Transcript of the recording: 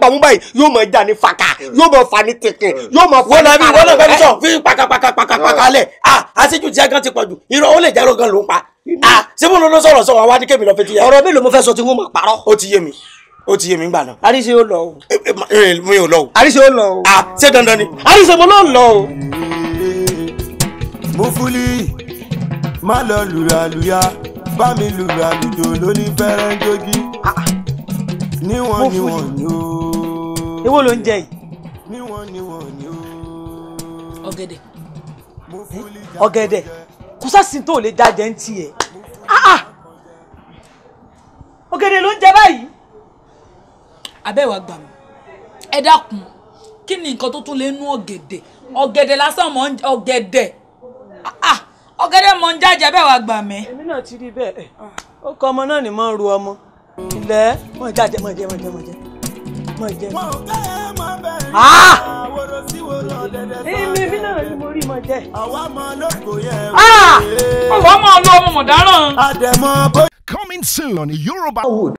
bá mú báyìí yóò mọ já ní fàkà yóò mọ fà ní tìkìn yóò mọ fà ní fàkà. wọ́n náà fẹ́ẹ́ sọ fi pàkàpàkàpàkà lẹ̀ ah àṣejù tí ẹ̀gán ti pọ̀jù irọ́ ó lè jẹ́rọ gan ló ń pa ah síbò ló ló sọ̀rọ̀ sọ̀rọ̀ wá ní kémi lọ fẹ́ jìyà. ọ̀rọ̀ mi ló mo fẹ́ sọ tí wọ́n máa parọ́. ó ti yé mi ó ti yé mi gbà náà. àríṣe ó lọ o. mi ò lọ o. àríṣe ó lọ o. ah ṣé dandan ni. àríṣe mo náà lọ o. Mufuli má lọ lùràlùyà bá mi lùràlùjò lóní fẹ́rẹ́ ń jogi ah, ah. níwọ̀n níwọ̀n ni ó èwo ló ń jẹ yìí. níwọ̀n níwọ̀n ni ó. ọ̀gẹ̀dẹ̀ eh, ọ̀gẹ̀dẹ̀ kùsàsì tó lè jáde ń tiẹ̀ ah, ah. ọ̀gẹ̀dẹ̀ ló ń jẹ báyìí. abẹ́wà gbà mí ẹ dákun kí ni nǹkan tó tún lè nú ọ̀gẹ̀dẹ̀ ọ̀gẹ̀dẹ̀ lásán mọ̀ ọ̀gẹ̀dẹ̀ ah, ọ̀gẹ̀dẹ̀ mọ̀ ń jáde abẹ́wà gbà mí. èmi náà ti rí bẹ́ẹ̀ ó kọ ọmọ náà ní mọ́ ru ọmọ ilẹ̀ mọ̀ jáde mọ̀ jẹ́ mọ̀ jẹ́ mọ̀ jẹ́ mọ jẹ mi. èmi mi náà ni mo rí mọ jẹ. àwa máa lóko yẹn. àwa máa lo ọmọ mọ̀dáràn. Coming soon on Yorubawood.